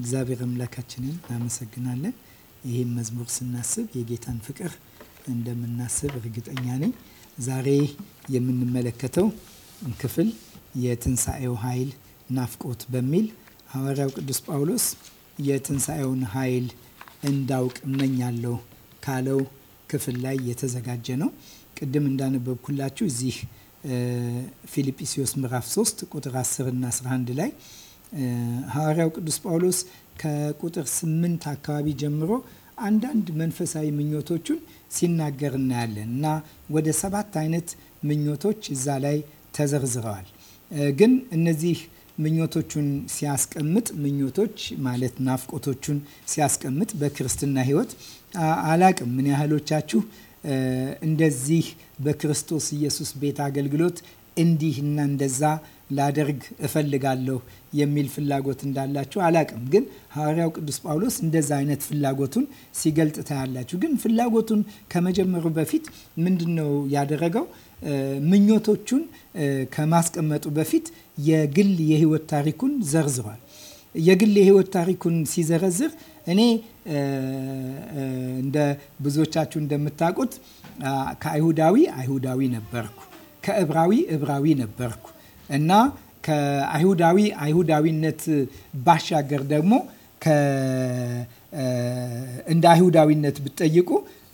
እግዚአብሔር አምላካችንን እናመሰግናለን። ይህም መዝሙር ስናስብ የጌታን ፍቅር እንደምናስብ እርግጠኛ ነኝ። ዛሬ የምንመለከተው ክፍል የትንሣኤው ኃይል ናፍቆት በሚል ሐዋርያው ቅዱስ ጳውሎስ የትንሣኤውን ኃይል እንዳውቅ እመኛለሁ ካለው ክፍል ላይ የተዘጋጀ ነው። ቅድም እንዳነበብኩላችሁ እዚህ ፊልጵስዩስ ምዕራፍ 3 ቁጥር 10 እና 11 ላይ ሐዋርያው ቅዱስ ጳውሎስ ከቁጥር ስምንት አካባቢ ጀምሮ አንዳንድ መንፈሳዊ ምኞቶቹን ሲናገር እናያለን እና ወደ ሰባት አይነት ምኞቶች እዛ ላይ ተዘርዝረዋል። ግን እነዚህ ምኞቶቹን ሲያስቀምጥ ምኞቶች ማለት ናፍቆቶቹን ሲያስቀምጥ በክርስትና ሕይወት አላቅም ምን ያህሎቻችሁ እንደዚህ በክርስቶስ ኢየሱስ ቤት አገልግሎት እንዲህ እና እንደዛ ላደርግ እፈልጋለሁ የሚል ፍላጎት እንዳላችሁ አላቅም። ግን ሐዋርያው ቅዱስ ጳውሎስ እንደዛ አይነት ፍላጎቱን ሲገልጥ ታያላችሁ። ግን ፍላጎቱን ከመጀመሩ በፊት ምንድን ነው ያደረገው? ምኞቶቹን ከማስቀመጡ በፊት የግል የህይወት ታሪኩን ዘርዝሯል። የግል የህይወት ታሪኩን ሲዘረዝር እኔ እንደ ብዙዎቻችሁ እንደምታውቁት ከአይሁዳዊ አይሁዳዊ ነበርኩ ከዕብራዊ ዕብራዊ ነበርኩ እና ከአይሁዳዊ አይሁዳዊነት ባሻገር ደግሞ እንደ አይሁዳዊነት ብትጠይቁ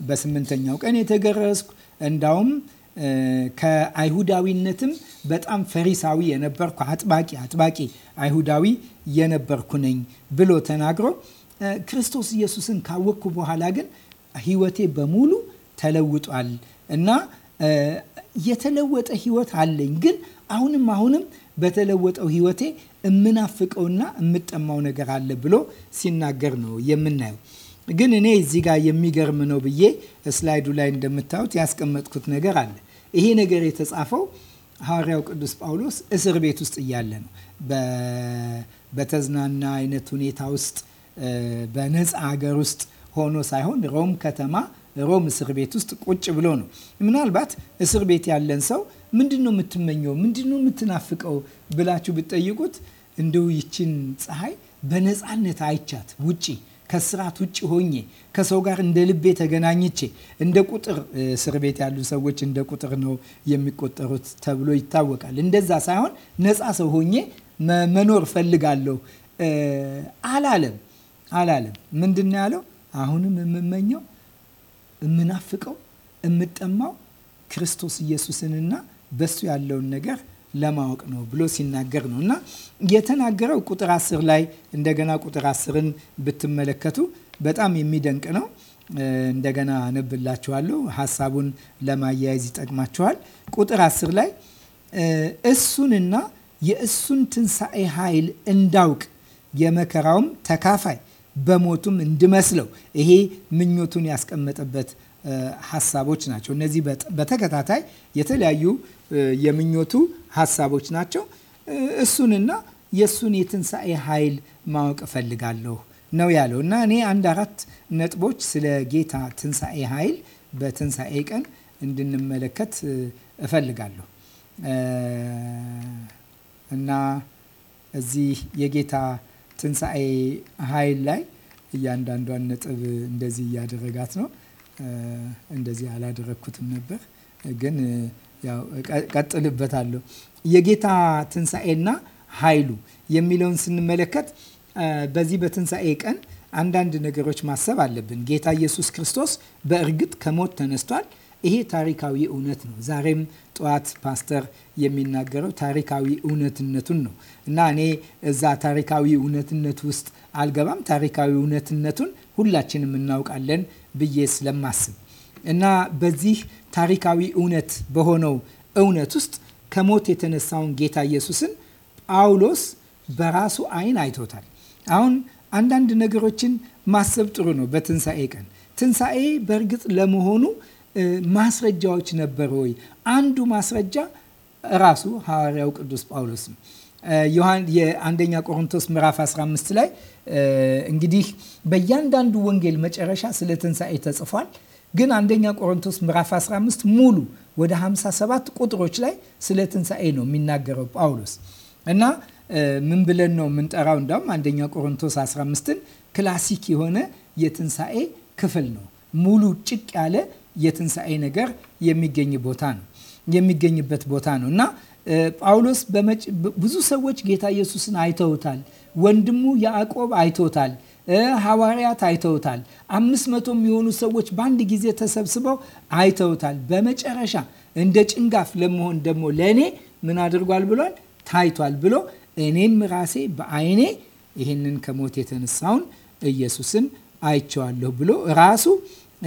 በስምንተኛው ቀን የተገረዝኩ እንዳውም ከአይሁዳዊነትም በጣም ፈሪሳዊ የነበርኩ አጥባቂ አጥባቂ አይሁዳዊ የነበርኩ ነኝ ብሎ ተናግሮ ክርስቶስ ኢየሱስን ካወቅኩ በኋላ ግን ሕይወቴ በሙሉ ተለውጧል እና የተለወጠ ህይወት አለኝ ግን አሁንም አሁንም በተለወጠው ህይወቴ የምናፍቀውና እምጠማው ነገር አለ ብሎ ሲናገር ነው የምናየው። ግን እኔ እዚህ ጋር የሚገርም ነው ብዬ ስላይዱ ላይ እንደምታዩት ያስቀመጥኩት ነገር አለ። ይሄ ነገር የተጻፈው ሐዋርያው ቅዱስ ጳውሎስ እስር ቤት ውስጥ እያለ ነው። በተዝናና አይነት ሁኔታ ውስጥ በነፃ ሀገር ውስጥ ሆኖ ሳይሆን ሮም ከተማ ሮም እስር ቤት ውስጥ ቁጭ ብሎ ነው። ምናልባት እስር ቤት ያለን ሰው ምንድን ነው የምትመኘው፣ ምንድን ነው የምትናፍቀው ብላችሁ ብትጠይቁት እንደው ይችን ፀሐይ በነፃነት አይቻት ውጪ ከስራት ውጭ ሆኜ ከሰው ጋር እንደ ልቤ ተገናኝቼ እንደ ቁጥር እስር ቤት ያሉ ሰዎች እንደ ቁጥር ነው የሚቆጠሩት ተብሎ ይታወቃል። እንደዛ ሳይሆን ነፃ ሰው ሆኜ መኖር ፈልጋለሁ አላለም አላለም። ምንድን ነው ያለው? አሁንም የምመኘው እምናፍቀው እምጠማው ክርስቶስ ኢየሱስንና በሱ ያለውን ነገር ለማወቅ ነው ብሎ ሲናገር ነው እና የተናገረው ቁጥር አስር ላይ እንደገና ቁጥር አስርን ብትመለከቱ በጣም የሚደንቅ ነው። እንደገና አነብላችኋለሁ። ሀሳቡን ለማያያዝ ይጠቅማችኋል። ቁጥር አስር ላይ እሱንና የእሱን ትንሣኤ ኃይል እንዳውቅ የመከራውም ተካፋይ በሞቱም እንድመስለው ይሄ ምኞቱን ያስቀመጠበት ሀሳቦች ናቸው። እነዚህ በተከታታይ የተለያዩ የምኞቱ ሀሳቦች ናቸው። እሱንና የእሱን የትንሣኤ ኃይል ማወቅ እፈልጋለሁ ነው ያለው እና እኔ አንድ አራት ነጥቦች ስለ ጌታ ትንሣኤ ኃይል በትንሣኤ ቀን እንድንመለከት እፈልጋለሁ እና እዚህ የጌታ ትንሣኤ ኃይል ላይ እያንዳንዷን ነጥብ እንደዚህ እያደረጋት ነው። እንደዚህ አላደረግኩትም ነበር ግን ቀጥልበታለሁ። የጌታ ትንሣኤና ኃይሉ የሚለውን ስንመለከት በዚህ በትንሣኤ ቀን አንዳንድ ነገሮች ማሰብ አለብን። ጌታ ኢየሱስ ክርስቶስ በእርግጥ ከሞት ተነስቷል። ይሄ ታሪካዊ እውነት ነው። ዛሬም ጠዋት ፓስተር የሚናገረው ታሪካዊ እውነትነቱን ነው እና እኔ እዛ ታሪካዊ እውነትነት ውስጥ አልገባም። ታሪካዊ እውነትነቱን ሁላችንም እናውቃለን ብዬ ስለማስብ እና በዚህ ታሪካዊ እውነት በሆነው እውነት ውስጥ ከሞት የተነሳውን ጌታ ኢየሱስን ጳውሎስ በራሱ ዓይን አይቶታል። አሁን አንዳንድ ነገሮችን ማሰብ ጥሩ ነው። በትንሣኤ ቀን ትንሣኤ በእርግጥ ለመሆኑ ማስረጃዎች ነበር ወይ? አንዱ ማስረጃ ራሱ ሐዋርያው ቅዱስ ጳውሎስ የአንደኛ ቆሮንቶስ ምዕራፍ 15 ላይ እንግዲህ በእያንዳንዱ ወንጌል መጨረሻ ስለ ትንሣኤ ተጽፏል። ግን አንደኛ ቆሮንቶስ ምዕራፍ 15 ሙሉ ወደ 57 ቁጥሮች ላይ ስለ ትንሣኤ ነው የሚናገረው ጳውሎስ እና ምን ብለን ነው የምንጠራው? እንዳውም አንደኛ ቆሮንቶስ 15ን ክላሲክ የሆነ የትንሣኤ ክፍል ነው ሙሉ ጭቅ ያለ የትንሣኤ ነገር የሚገኝ ቦታ ነው የሚገኝበት ቦታ ነው እና ጳውሎስ ብዙ ሰዎች ጌታ ኢየሱስን አይተውታል። ወንድሙ ያዕቆብ አይተውታል። ሐዋርያት አይተውታል። አምስት መቶ የሚሆኑ ሰዎች በአንድ ጊዜ ተሰብስበው አይተውታል። በመጨረሻ እንደ ጭንጋፍ ለመሆን ደግሞ ለእኔ ምን አድርጓል ብሏል? ታይቷል ብሎ እኔም ራሴ በአይኔ ይህንን ከሞት የተነሳውን ኢየሱስን አይቸዋለሁ ብሎ ራሱ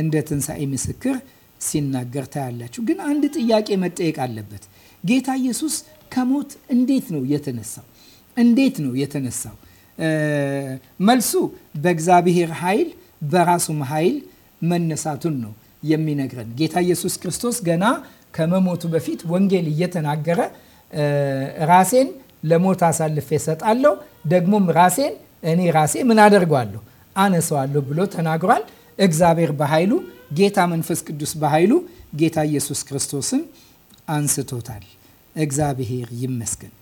እንደ ትንሣኤ ምስክር ሲናገር ታያላችሁ። ግን አንድ ጥያቄ መጠየቅ አለበት። ጌታ ኢየሱስ ከሞት እንዴት ነው የተነሳው? እንዴት ነው የተነሳው? መልሱ በእግዚአብሔር ኃይል፣ በራሱም ኃይል መነሳቱን ነው የሚነግረን። ጌታ ኢየሱስ ክርስቶስ ገና ከመሞቱ በፊት ወንጌል እየተናገረ ራሴን ለሞት አሳልፌ እሰጣለሁ፣ ደግሞም ራሴን እኔ ራሴ ምን አደርገዋለሁ አነሰዋለሁ ብሎ ተናግሯል። እግዚአብሔር በኃይሉ ጌታ መንፈስ ቅዱስ በኃይሉ ጌታ ኢየሱስ ክርስቶስን አንስቶታል። እግዚአብሔር ይመስገን።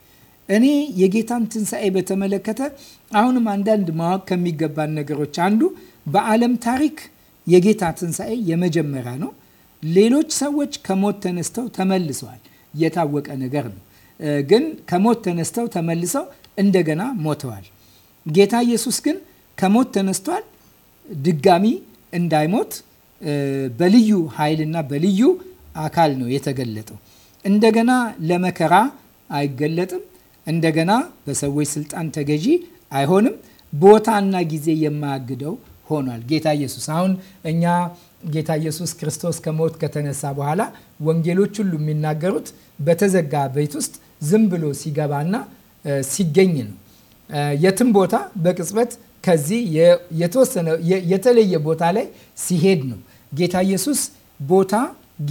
እኔ የጌታን ትንሣኤ በተመለከተ አሁንም አንዳንድ ማወቅ ከሚገባን ነገሮች አንዱ በዓለም ታሪክ የጌታ ትንሣኤ የመጀመሪያ ነው። ሌሎች ሰዎች ከሞት ተነስተው ተመልሰዋል። የታወቀ ነገር ነው። ግን ከሞት ተነስተው ተመልሰው እንደገና ሞተዋል። ጌታ ኢየሱስ ግን ከሞት ተነስቷል ድጋሚ እንዳይሞት በልዩ ኃይልና በልዩ አካል ነው የተገለጠው። እንደገና ለመከራ አይገለጥም። እንደገና በሰዎች ስልጣን ተገዢ አይሆንም። ቦታና ጊዜ የማያግደው ሆኗል። ጌታ ኢየሱስ አሁን እኛ ጌታ ኢየሱስ ክርስቶስ ከሞት ከተነሳ በኋላ ወንጌሎች ሁሉ የሚናገሩት በተዘጋ ቤት ውስጥ ዝም ብሎ ሲገባና ሲገኝ ነው። የትም ቦታ በቅጽበት ከዚህ የተወሰነ የተለየ ቦታ ላይ ሲሄድ ነው። ጌታ ኢየሱስ ቦታ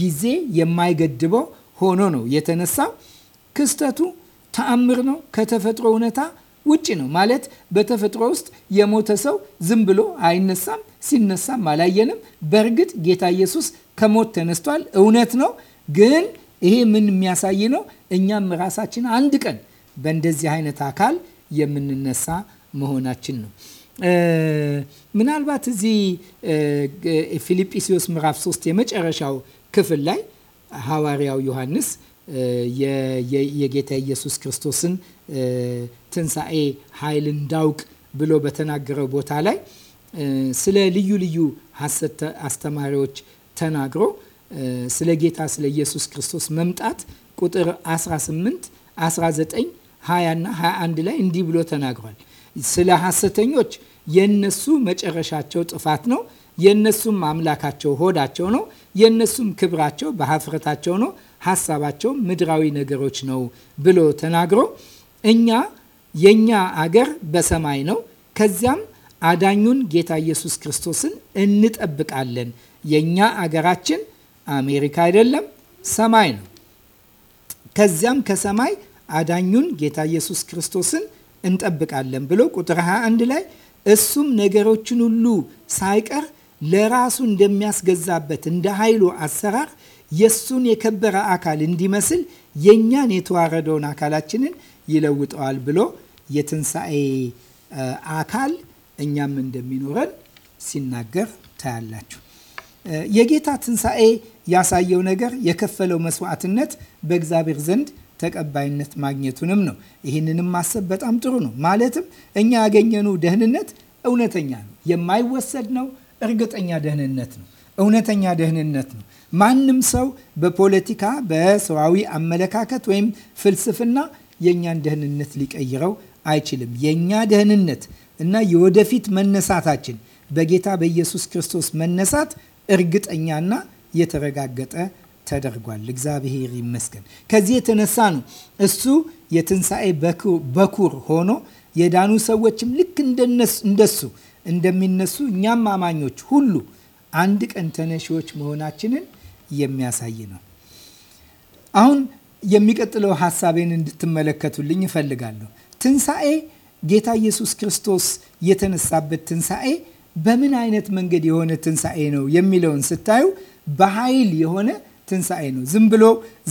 ጊዜ የማይገድበው ሆኖ ነው የተነሳው። ክስተቱ ተአምር ነው። ከተፈጥሮ እውነታ ውጭ ነው ማለት በተፈጥሮ ውስጥ የሞተ ሰው ዝም ብሎ አይነሳም፣ ሲነሳም አላየንም። በእርግጥ ጌታ ኢየሱስ ከሞት ተነስቷል፣ እውነት ነው። ግን ይሄ ምን የሚያሳይ ነው? እኛም ራሳችን አንድ ቀን በእንደዚህ አይነት አካል የምንነሳ መሆናችን ነው። ምናልባት እዚህ ፊልጵስዩስ ምዕራፍ 3 የመጨረሻው ክፍል ላይ ሐዋርያው ዮሐንስ የጌታ ኢየሱስ ክርስቶስን ትንሣኤ ኃይል እንዳውቅ ብሎ በተናገረው ቦታ ላይ ስለ ልዩ ልዩ ሐሰት አስተማሪዎች ተናግሮ ስለ ጌታ ስለ ኢየሱስ ክርስቶስ መምጣት ቁጥር 18፣ 19፣ 20 እና 21 ላይ እንዲህ ብሎ ተናግሯል። ስለ ሐሰተኞች የነሱ መጨረሻቸው ጥፋት ነው። የነሱም አምላካቸው ሆዳቸው ነው። የነሱም ክብራቸው በሀፍረታቸው ነው። ሀሳባቸው ምድራዊ ነገሮች ነው ብሎ ተናግሮ እኛ የእኛ አገር በሰማይ ነው። ከዚያም አዳኙን ጌታ ኢየሱስ ክርስቶስን እንጠብቃለን። የእኛ አገራችን አሜሪካ አይደለም፣ ሰማይ ነው። ከዚያም ከሰማይ አዳኙን ጌታ ኢየሱስ ክርስቶስን እንጠብቃለን ብሎ ቁጥር 21 ላይ እሱም ነገሮችን ሁሉ ሳይቀር ለራሱ እንደሚያስገዛበት እንደ ኃይሉ አሰራር የሱን የከበረ አካል እንዲመስል የእኛን የተዋረደውን አካላችንን ይለውጠዋል ብሎ የትንሣኤ አካል እኛም እንደሚኖረን ሲናገር ታያላችሁ። የጌታ ትንሣኤ ያሳየው ነገር የከፈለው መስዋዕትነት በእግዚአብሔር ዘንድ ተቀባይነት ማግኘቱንም ነው። ይህንንም ማሰብ በጣም ጥሩ ነው። ማለትም እኛ ያገኘነው ደህንነት እውነተኛ ነው፣ የማይወሰድ ነው፣ እርግጠኛ ደህንነት ነው፣ እውነተኛ ደህንነት ነው። ማንም ሰው በፖለቲካ በሰዋዊ አመለካከት ወይም ፍልስፍና የእኛን ደህንነት ሊቀይረው አይችልም። የእኛ ደህንነት እና የወደፊት መነሳታችን በጌታ በኢየሱስ ክርስቶስ መነሳት እርግጠኛና የተረጋገጠ ተደርጓል። እግዚአብሔር ይመስገን። ከዚህ የተነሳ ነው እሱ የትንሣኤ በኩር ሆኖ የዳኑ ሰዎችም ልክ እንደሱ እንደሚነሱ እኛም አማኞች ሁሉ አንድ ቀን ተነሺዎች መሆናችንን የሚያሳይ ነው። አሁን የሚቀጥለው ሀሳቤን እንድትመለከቱልኝ እፈልጋለሁ። ትንሣኤ ጌታ ኢየሱስ ክርስቶስ የተነሳበት ትንሣኤ በምን አይነት መንገድ የሆነ ትንሣኤ ነው የሚለውን ስታዩ በኃይል የሆነ ትንሣኤ ነው። ዝም ብሎ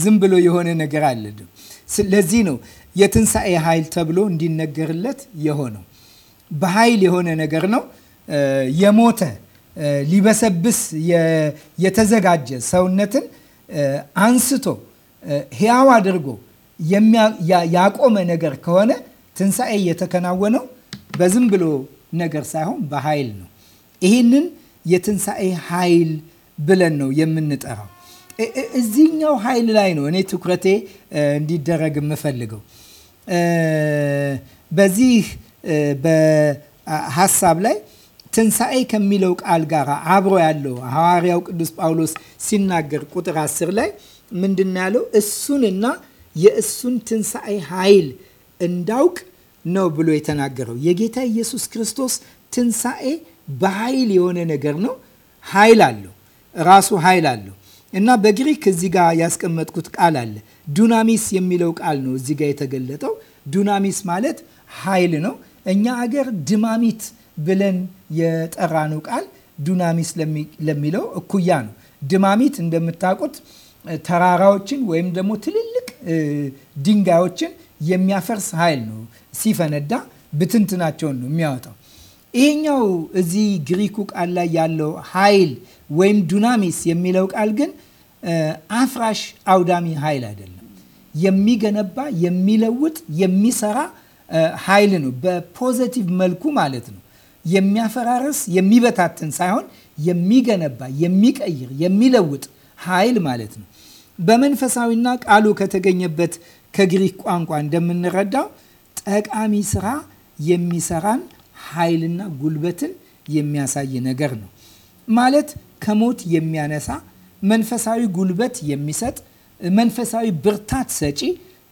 ዝም ብሎ የሆነ ነገር አይደለም። ስለዚህ ነው የትንሣኤ ኃይል ተብሎ እንዲነገርለት የሆነው። በኃይል የሆነ ነገር ነው። የሞተ ሊበሰብስ የተዘጋጀ ሰውነትን አንስቶ ሕያው አድርጎ ያቆመ ነገር ከሆነ ትንሣኤ የተከናወነው በዝም ብሎ ነገር ሳይሆን በኃይል ነው። ይህንን የትንሣኤ ኃይል ብለን ነው የምንጠራው። እዚህኛው ኃይል ላይ ነው እኔ ትኩረቴ እንዲደረግ የምፈልገው። በዚህ በሀሳብ ላይ ትንሣኤ ከሚለው ቃል ጋር አብሮ ያለው ሐዋርያው ቅዱስ ጳውሎስ ሲናገር ቁጥር አስር ላይ ምንድን ያለው እሱንና የእሱን ትንሣኤ ኃይል እንዳውቅ ነው ብሎ የተናገረው። የጌታ ኢየሱስ ክርስቶስ ትንሣኤ በኃይል የሆነ ነገር ነው። ኃይል አለው፣ ራሱ ኃይል አለው። እና በግሪክ እዚህ ጋር ያስቀመጥኩት ቃል አለ። ዱናሚስ የሚለው ቃል ነው እዚህ ጋር የተገለጠው። ዱናሚስ ማለት ኃይል ነው። እኛ አገር ድማሚት ብለን የጠራነው ቃል ዱናሚስ ለሚለው እኩያ ነው። ድማሚት እንደምታውቁት ተራራዎችን ወይም ደግሞ ትልልቅ ድንጋዮችን የሚያፈርስ ኃይል ነው። ሲፈነዳ ብትንትናቸውን ነው የሚያወጣው። ይሄኛው እዚህ ግሪኩ ቃል ላይ ያለው ኃይል ወይም ዱናሚስ የሚለው ቃል ግን አፍራሽ አውዳሚ ኃይል አይደለም። የሚገነባ የሚለውጥ፣ የሚሰራ ኃይል ነው። በፖዘቲቭ መልኩ ማለት ነው። የሚያፈራርስ የሚበታትን ሳይሆን የሚገነባ፣ የሚቀይር፣ የሚለውጥ ኃይል ማለት ነው። በመንፈሳዊና ቃሉ ከተገኘበት ከግሪክ ቋንቋ እንደምንረዳው ጠቃሚ ስራ የሚሰራን ኃይልና ጉልበትን የሚያሳይ ነገር ነው ማለት ከሞት የሚያነሳ መንፈሳዊ ጉልበት የሚሰጥ መንፈሳዊ ብርታት ሰጪ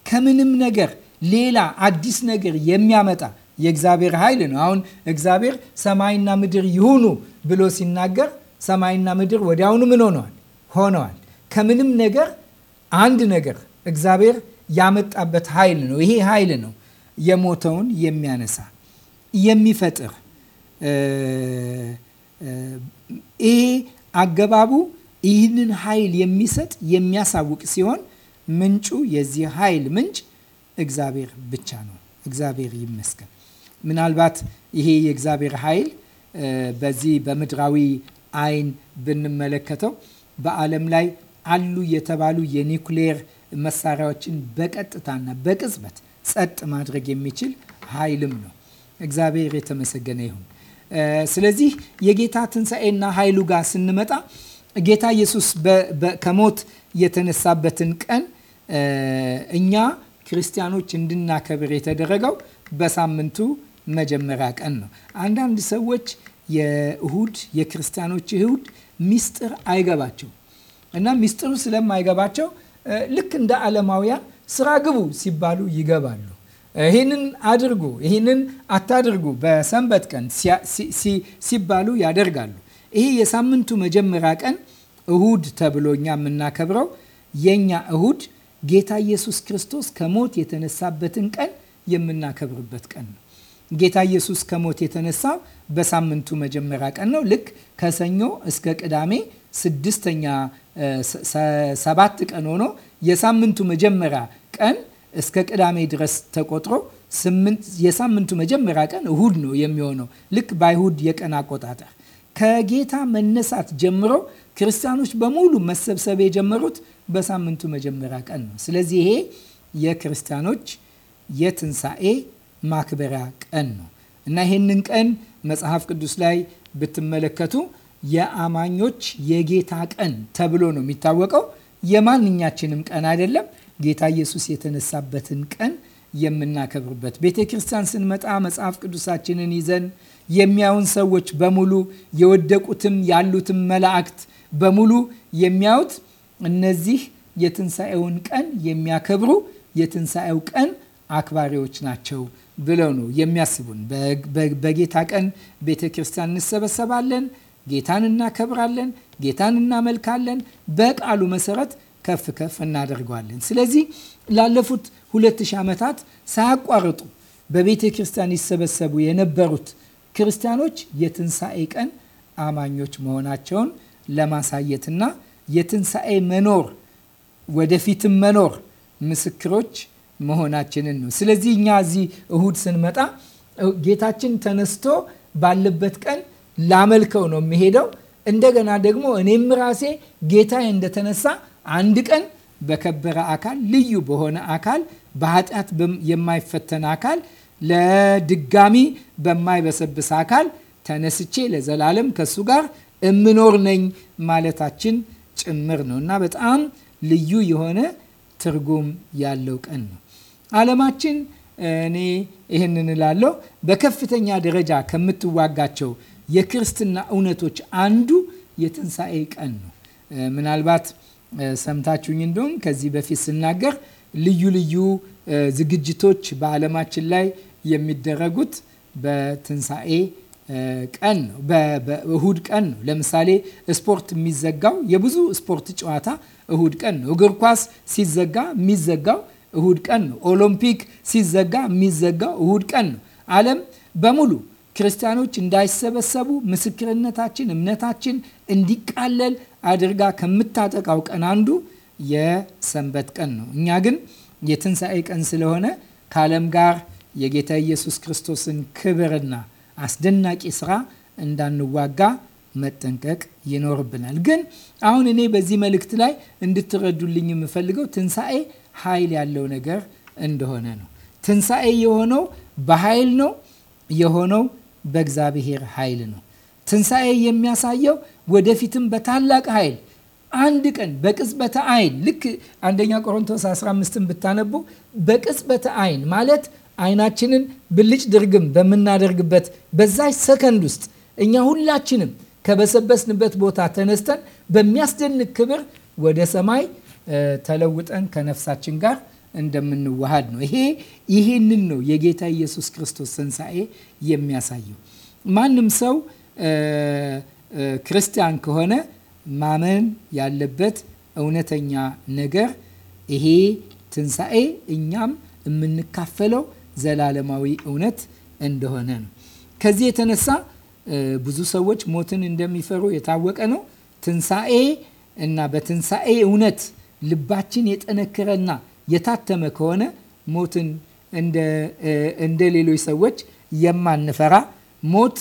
ከምንም ነገር ሌላ አዲስ ነገር የሚያመጣ የእግዚአብሔር ኃይል ነው። አሁን እግዚአብሔር ሰማይና ምድር ይሁኑ ብሎ ሲናገር ሰማይና ምድር ወዲያውኑ ምን ሆነዋል? ሆነዋል። ከምንም ነገር አንድ ነገር እግዚአብሔር ያመጣበት ኃይል ነው። ይሄ ኃይል ነው የሞተውን የሚያነሳ የሚፈጥር። ይሄ አገባቡ ይህንን ኃይል የሚሰጥ የሚያሳውቅ ሲሆን ምንጩ የዚህ ኃይል ምንጭ እግዚአብሔር ብቻ ነው። እግዚአብሔር ይመስገን። ምናልባት ይሄ የእግዚአብሔር ኃይል በዚህ በምድራዊ አይን ብንመለከተው በዓለም ላይ አሉ የተባሉ የኒውክሌር መሳሪያዎችን በቀጥታና በቅጽበት ጸጥ ማድረግ የሚችል ኃይልም ነው። እግዚአብሔር የተመሰገነ ይሁን። ስለዚህ የጌታ ትንሣኤና ኃይሉ ጋር ስንመጣ ጌታ ኢየሱስ ከሞት የተነሳበትን ቀን እኛ ክርስቲያኖች እንድናከብር የተደረገው በሳምንቱ መጀመሪያ ቀን ነው። አንዳንድ ሰዎች የእሁድ የክርስቲያኖች እሁድ ሚስጥር አይገባቸው እና ሚስጥሩ ስለማይገባቸው ልክ እንደ ዓለማውያን ስራ ግቡ ሲባሉ ይገባሉ ይህንን አድርጉ፣ ይህንን አታድርጉ በሰንበት ቀን ሲባሉ ያደርጋሉ። ይሄ የሳምንቱ መጀመሪያ ቀን እሁድ ተብሎ እኛ የምናከብረው የእኛ እሁድ ጌታ ኢየሱስ ክርስቶስ ከሞት የተነሳበትን ቀን የምናከብርበት ቀን ነው። ጌታ ኢየሱስ ከሞት የተነሳው በሳምንቱ መጀመሪያ ቀን ነው። ልክ ከሰኞ እስከ ቅዳሜ ስድስተኛ ሰባት ቀን ሆኖ የሳምንቱ መጀመሪያ ቀን እስከ ቅዳሜ ድረስ ተቆጥሮ የሳምንቱ መጀመሪያ ቀን እሁድ ነው የሚሆነው። ልክ በአይሁድ የቀን አቆጣጠር ከጌታ መነሳት ጀምሮ ክርስቲያኖች በሙሉ መሰብሰብ የጀመሩት በሳምንቱ መጀመሪያ ቀን ነው። ስለዚህ ይሄ የክርስቲያኖች የትንሣኤ ማክበሪያ ቀን ነው እና ይህንን ቀን መጽሐፍ ቅዱስ ላይ ብትመለከቱ የአማኞች የጌታ ቀን ተብሎ ነው የሚታወቀው። የማንኛችንም ቀን አይደለም። ጌታ ኢየሱስ የተነሳበትን ቀን የምናከብርበት ቤተ ክርስቲያን ስንመጣ መጽሐፍ ቅዱሳችንን ይዘን የሚያዩን ሰዎች በሙሉ የወደቁትም ያሉትም መላእክት በሙሉ የሚያዩት እነዚህ የትንሣኤውን ቀን የሚያከብሩ የትንሣኤው ቀን አክባሪዎች ናቸው ብለው ነው የሚያስቡን። በጌታ ቀን ቤተ ክርስቲያን እንሰበሰባለን፣ ጌታን እናከብራለን፣ ጌታን እናመልካለን። በቃሉ መሰረት ከፍ ከፍ እናደርገዋለን። ስለዚህ ላለፉት ሁለት ሺህ ዓመታት ሳያቋርጡ በቤተ ክርስቲያን ይሰበሰቡ የነበሩት ክርስቲያኖች የትንሣኤ ቀን አማኞች መሆናቸውን ለማሳየትና የትንሣኤ መኖር ወደፊትም መኖር ምስክሮች መሆናችንን ነው። ስለዚህ እኛ እዚህ እሁድ ስንመጣ ጌታችን ተነስቶ ባለበት ቀን ላመልከው ነው የሚሄደው። እንደገና ደግሞ እኔም ራሴ ጌታዬ እንደተነሳ አንድ ቀን በከበረ አካል ልዩ በሆነ አካል በኃጢአት የማይፈተን አካል ለድጋሚ በማይበሰብስ አካል ተነስቼ ለዘላለም ከእሱ ጋር እምኖር ነኝ ማለታችን ጭምር ነው እና በጣም ልዩ የሆነ ትርጉም ያለው ቀን ነው። ዓለማችን እኔ ይህንን እላለሁ፣ በከፍተኛ ደረጃ ከምትዋጋቸው የክርስትና እውነቶች አንዱ የትንሣኤ ቀን ነው። ምናልባት ሰምታችሁኝ እንደውም ከዚህ በፊት ስናገር ልዩ ልዩ ዝግጅቶች በዓለማችን ላይ የሚደረጉት በትንሣኤ ቀን ነው። ቀን ነው። ለምሳሌ ስፖርት የሚዘጋው የብዙ ስፖርት ጨዋታ እሁድ ቀን ነው። እግር ኳስ ሲዘጋ የሚዘጋው እሁድ ቀን ነው። ኦሎምፒክ ሲዘጋ የሚዘጋው እሁድ ቀን ነው። ዓለም በሙሉ ክርስቲያኖች እንዳይሰበሰቡ ምስክርነታችን፣ እምነታችን እንዲቃለል አድርጋ ከምታጠቃው ቀን አንዱ የሰንበት ቀን ነው። እኛ ግን የትንሣኤ ቀን ስለሆነ ከዓለም ጋር የጌታ ኢየሱስ ክርስቶስን ክብርና አስደናቂ ስራ እንዳንዋጋ መጠንቀቅ ይኖርብናል። ግን አሁን እኔ በዚህ መልእክት ላይ እንድትረዱልኝ የምፈልገው ትንሣኤ ኃይል ያለው ነገር እንደሆነ ነው። ትንሣኤ የሆነው በኃይል ነው የሆነው በእግዚአብሔር ኃይል ነው። ትንሣኤ የሚያሳየው ወደፊትም በታላቅ ኃይል አንድ ቀን በቅጽበተ አይን ልክ አንደኛ ቆሮንቶስ 15ን ብታነቡ በቅጽበተ አይን ማለት አይናችንን ብልጭ ድርግም በምናደርግበት በዛች ሰከንድ ውስጥ እኛ ሁላችንም ከበሰበስንበት ቦታ ተነስተን በሚያስደንቅ ክብር ወደ ሰማይ ተለውጠን ከነፍሳችን ጋር እንደምንዋሃድ ነው። ይሄ ይሄንን ነው የጌታ ኢየሱስ ክርስቶስ ትንሣኤ የሚያሳየው። ማንም ሰው ክርስቲያን ከሆነ ማመን ያለበት እውነተኛ ነገር ይሄ ትንሣኤ እኛም የምንካፈለው ዘላለማዊ እውነት እንደሆነ ነው። ከዚህ የተነሳ ብዙ ሰዎች ሞትን እንደሚፈሩ የታወቀ ነው። ትንሣኤ እና በትንሣኤ እውነት ልባችን የጠነከረና የታተመ ከሆነ ሞትን እንደ ሌሎች ሰዎች የማንፈራ ሞት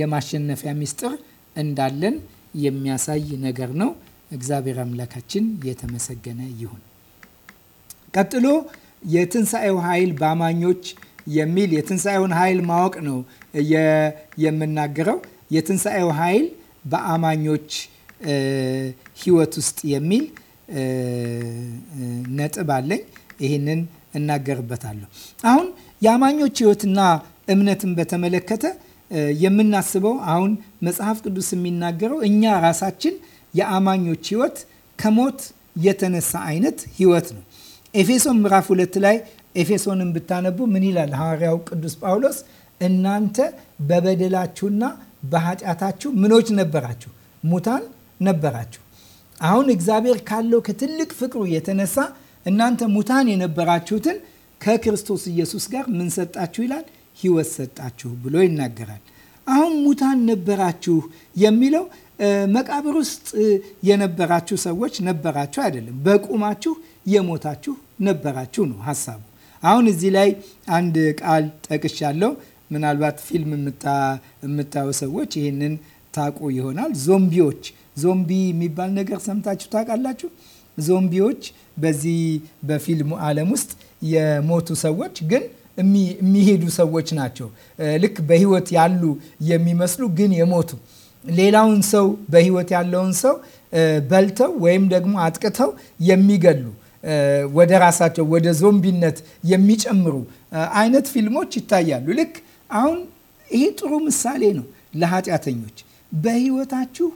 የማሸነፊያ ምስጢር እንዳለን የሚያሳይ ነገር ነው። እግዚአብሔር አምላካችን የተመሰገነ ይሁን። ቀጥሎ የትንሣኤው ኃይል በአማኞች የሚል የትንሣኤውን ኃይል ማወቅ ነው የምናገረው። የትንሣኤው ኃይል በአማኞች ሕይወት ውስጥ የሚል ነጥብ አለኝ። ይህንን እናገርበታለሁ። አሁን የአማኞች ህይወትና እምነትን በተመለከተ የምናስበው አሁን መጽሐፍ ቅዱስ የሚናገረው እኛ ራሳችን የአማኞች ህይወት ከሞት የተነሳ አይነት ህይወት ነው። ኤፌሶን ምዕራፍ ሁለት ላይ ኤፌሶንን ብታነቡ ምን ይላል ሐዋርያው ቅዱስ ጳውሎስ? እናንተ በበደላችሁና በኃጢአታችሁ ምኖች ነበራችሁ፣ ሙታን ነበራችሁ አሁን እግዚአብሔር ካለው ከትልቅ ፍቅሩ የተነሳ እናንተ ሙታን የነበራችሁትን ከክርስቶስ ኢየሱስ ጋር ምን ሰጣችሁ ይላል? ህይወት ሰጣችሁ ብሎ ይናገራል። አሁን ሙታን ነበራችሁ የሚለው መቃብር ውስጥ የነበራችሁ ሰዎች ነበራችሁ አይደለም፣ በቁማችሁ የሞታችሁ ነበራችሁ ነው ሀሳቡ። አሁን እዚህ ላይ አንድ ቃል ጠቅሻለሁ። ምናልባት ፊልም የምታዩ ሰዎች ይህንን ታውቁ ይሆናል። ዞምቢዎች ዞምቢ የሚባል ነገር ሰምታችሁ ታውቃላችሁ? ዞምቢዎች በዚህ በፊልሙ ዓለም ውስጥ የሞቱ ሰዎች ግን የሚሄዱ ሰዎች ናቸው። ልክ በህይወት ያሉ የሚመስሉ ግን የሞቱ ሌላውን ሰው በህይወት ያለውን ሰው በልተው ወይም ደግሞ አጥቅተው የሚገሉ ወደ ራሳቸው ወደ ዞምቢነት የሚጨምሩ አይነት ፊልሞች ይታያሉ። ልክ አሁን ይሄ ጥሩ ምሳሌ ነው ለኃጢአተኞች በህይወታችሁ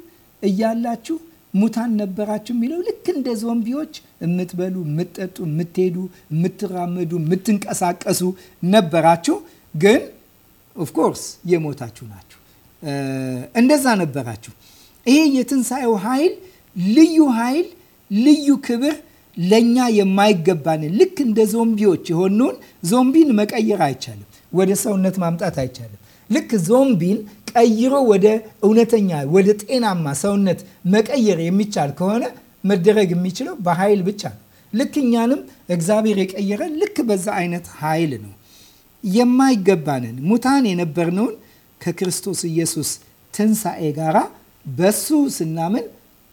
እያላችሁ ሙታን ነበራችሁ የሚለው ልክ እንደ ዞምቢዎች የምትበሉ፣ የምትጠጡ፣ የምትሄዱ፣ የምትራመዱ፣ የምትንቀሳቀሱ ነበራችሁ። ግን ኦፍኮርስ የሞታችሁ ናችሁ። እንደዛ ነበራችሁ። ይሄ የትንሣኤው ኃይል ልዩ ኃይል፣ ልዩ ክብር ለእኛ የማይገባንን ልክ እንደ ዞምቢዎች የሆኑን ዞምቢን መቀየር አይቻልም። ወደ ሰውነት ማምጣት አይቻልም። ልክ ዞምቢን ቀይሮ ወደ እውነተኛ ወደ ጤናማ ሰውነት መቀየር የሚቻል ከሆነ መደረግ የሚችለው በኃይል ብቻ ነው። ልክ እኛንም እግዚአብሔር የቀየረን ልክ በዛ አይነት ኃይል ነው። የማይገባንን ሙታን የነበርነውን ከክርስቶስ ኢየሱስ ትንሣኤ ጋራ በሱ ስናምን